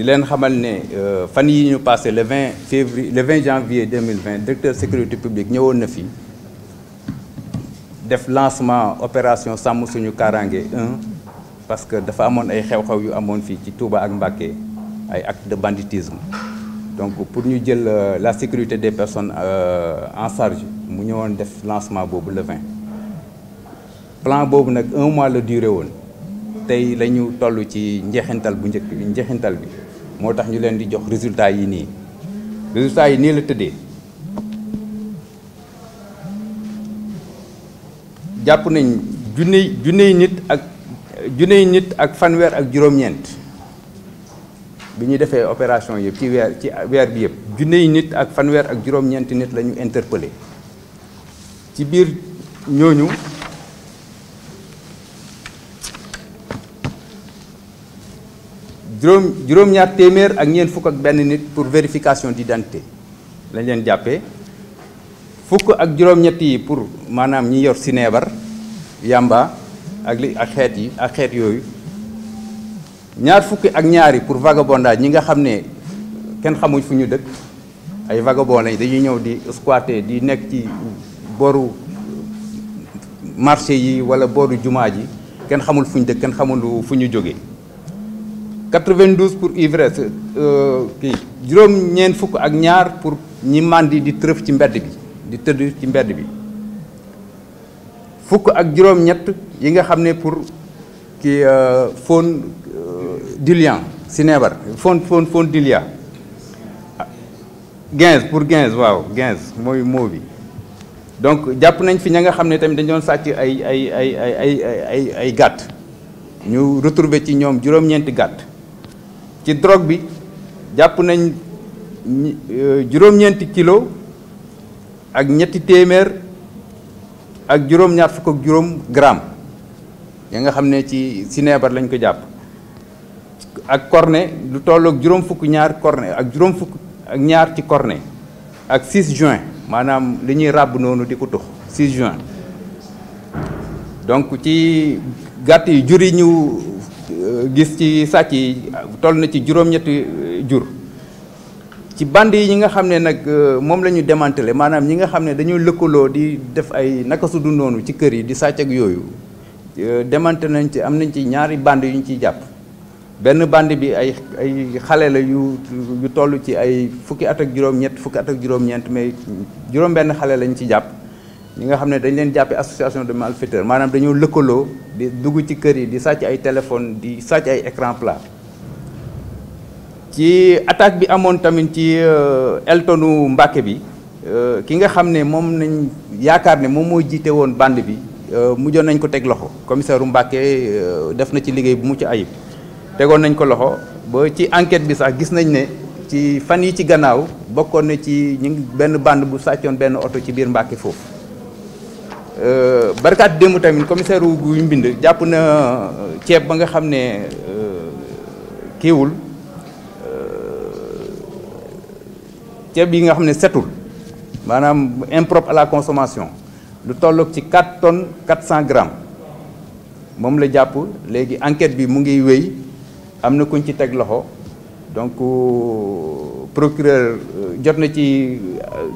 di leen xamal ne euh, fan yi ñu passé le 20 février le 20 janvier 2020 directeur sécurité publique ñëwoon na fi def lancement opération sàmm suñu kaaraange 1 parce que dafa amoon ay xew-xew yu amoon fii ci Touba ak Mbacké ay acte de banditisme donc pour ñu jël euh, la sécurité des personnes euh, en charge mu ñëwoon def lancement boobu le 20 plan boobu nag un mois la duré woon tey la ñu toll ci njeexintal bu njëkk njeexintal bi moo tax ñu leen di jox résultat yi nii résultat yi nii la tëddee jàpp nañ junney junney nit ak junney nit ak fanweer ak juróom-ñeent bi ñu defee opération yëpp ci weer ci weer bi yëpp junney nit ak fanweer ak juróom-ñeent nit la ñu ci biir ñooñu juróom juróom-ñaar téeméer ak ñeent fukk ak benn nit pour vérification dante lañ leen jàppe fukk ak juróom-ñett yi pour maanaam ñi yor sineebar yamba ak li ak xeet yi ak xeet yooyu ñaar fukki ak ñaari pour vagabondage ñi nga xam ne kenn xamuñ fu ñu dëkk ay vagabon lañ dañuy ñëw di squatter di nekk ci boru marché yi wala boru jumaa ji kenn xamul fu ñu dëkk kenn xamul fu ñu jóge 92 pour ivresse euh, kii juróom-ñeent fukk ak ñaar pour ñi màndi di tërëf ci mbedd bi di tëdd ci mbedd bi fukk ak juróom-ñett yi nga xam ne pour kii euh, fon euh, dilian si neebar fon fon fon dilia 15 pour 15 waaw 15 mooy moo bi donc jàpp nañ fi ña nga xam ne tamit dañu doon sàcc ay ay ay ay ay ay ay gàtt ñu retrouvé ci ñoom juróom-ñeenti gàtt ci drogue bi jàpp nañ juróom-ñeenti kilo ak ñetti téeméer ak juróom-ñaar fukk ak juróom gramme ya nga xam ne ci sineebar lañ ko jàpp ak cornet lu tolloog juróom fukk ñaar cornet ak juróom ak ñaar ci cornet ak 6 juin maanaam li ñuy ràbb noonu di ko tux 6 juin donc ci gàtt yi jur Euh, gis ci sàcc yi toll na ci juróom-ñetti euh, jur ci band yi ñi nga xam ne nag euh, moom la ñu démantelé maanaam ñi nga xam ne dañuy lëkkaloo di def ay naka su noonu ci kër yi di sàcc ak yooyu demante nañ ci am nañ ci ñaari band yu ñu ciy jàpp benn band bi ay ay xale la yu yu toll ci ay fukki at ak juróom-ñett fukki at ak juróom-ñeent mais juróom-benn xale lañ ci jàpp ñi nga xam ne dañu leen jàppe association de malfaiteurs maanaam dañoo lëkkaloo di dugg ci kër yi di sàcc ay téléphone di sàcc ay écran plat ci attaque bi amoon tamit ci euh, Eltonu Mbàkke bi euh, ki nga xam ne moom nañ yaakaar ne moom mooy jiite woon band bi euh, mujjoon nañ ko teg loxo commissaire Mbàkke def na ci liggéey bu mucc ayib tegoon nañ ko loxo ba ci enquête bi sax gis nañ ne ci fan yi ci gannaaw bokkoon na ci ñu benn bande bu sàccoon benn oto ci biir Mbàkke foofu Euh, barkaat démb tamit commissaire wu guy mbind jàpp na euh, ceeb ba nga xam ne euh, kiiwul ceeb yi nga xam ne setul maanaam impropre à la consommation lu tolloog ci 4 quatre cent grammes moom la jàpp léegi enquête bi mu ngi wéy am na kuñ ci teg loxo donc procureur jot na ci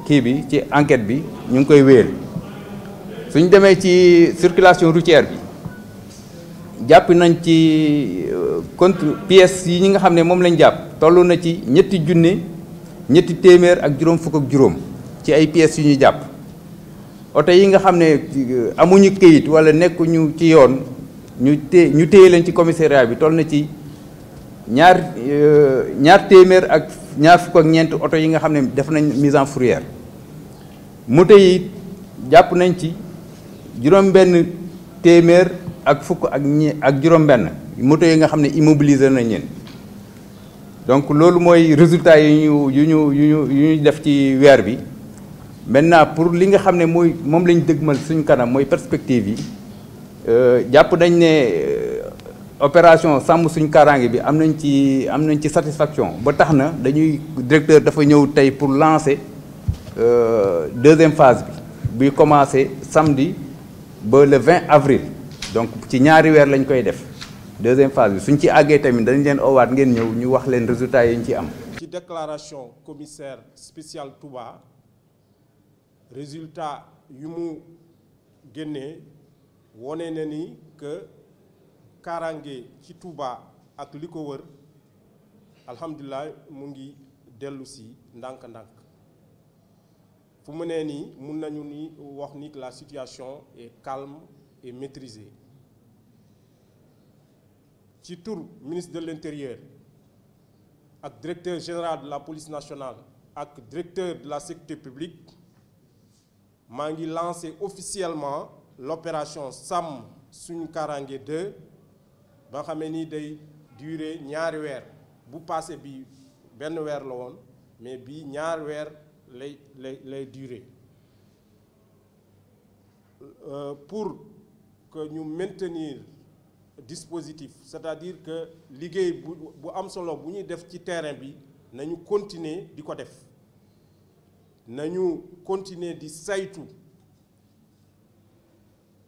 kii bi ci enquête bi ñu ngi koy wéyal suñ demee ci circulation routière bi jàpp nañ ci euh, contre pièces yi ñi nga xam ne moom lañ jàpp toll na ci ñetti junne ñetti téeméer ak juróom fukk ak juróom ci ay pièces yu ñu jàpp oto yi nga xam ne euh, amuñu këyit wala nekkuñu ci yoon ñu té ñu téye leen ci commissariat bi toll na ci ñaar euh, ñaar téeméer ak ñaar fukk ak ñeent oto yi nga xam ne def nañ mise en fourrière moto yi jàpp nañ ci juróom-benn téeméer ak fukk ak ñi ak juróom-benn moto yi nga xam ne immobilisé nañ leen donc loolu mooy résultat yi ñu yu ñu yu ñu yu ñu def ci weer bi maintenant pour li nga xam ne mooy moom lañ dëgmal suñu kanam mooy perspective yi euh, jàpp nañ ne euh, opération sàmm suñu kaaraange bi am nañ ci am nañ ci satisfaction ba tax na dañuy directeur dafa ñëw tey pour lancer euh, deuxième phase bi buy commencer samedi. ba le 20 avril donc ci ñaari weer lañ koy def deuxième phase bi suñ ci àggee tamit dañ leen owaat ngeen ñëw ñu wax leen résultats yi ñu ci am. ci declaration commissaire spécial Touba résultat yu mu génnee wone na ni que kaaraange ci Touba ak li ko wër alhamdulilah mu ngi dellu si ndànk-ndànk. fu mu nee nii mun nañu ni wax ni la situation est calme et maîtrisée ci tur ministre de l'intérieur ak directeur général de la police nationale ak directeur de la sécurité publique maa ngi lancé officiellement l'opération sàmm suñu kaaraange 2 ba nga xamee ni day dure ñaari weer bu passé bi benn weer la woon mais bii ñaari weer lay lay lay durer euh, pour que ñu maintenir dispositif c'est-à-dire que liggéey bu bu am solo bu ñuy def ci terrain bi nañu continuer di ko def nañu continuer di saytu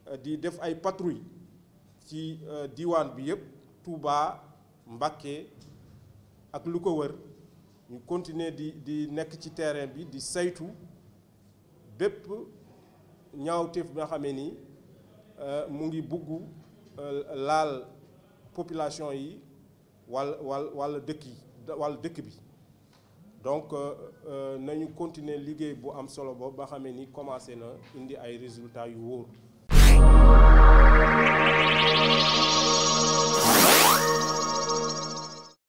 euh, di def ay patrouille ci euh, diwaan bi yépp Touba Mbacké ak lu ko wër ñu continuer di di nekk ci terrain bi di saytu bépp ñaawteef bi nga xamee ni euh, mu ngi buggu euh, laal population yi wal wàll wàll dëkk yi wàll dëkk bi donc euh, nañu continuer liggéey bu am solo boobu ba xamee ni commencé na indi ay résultats yu wóor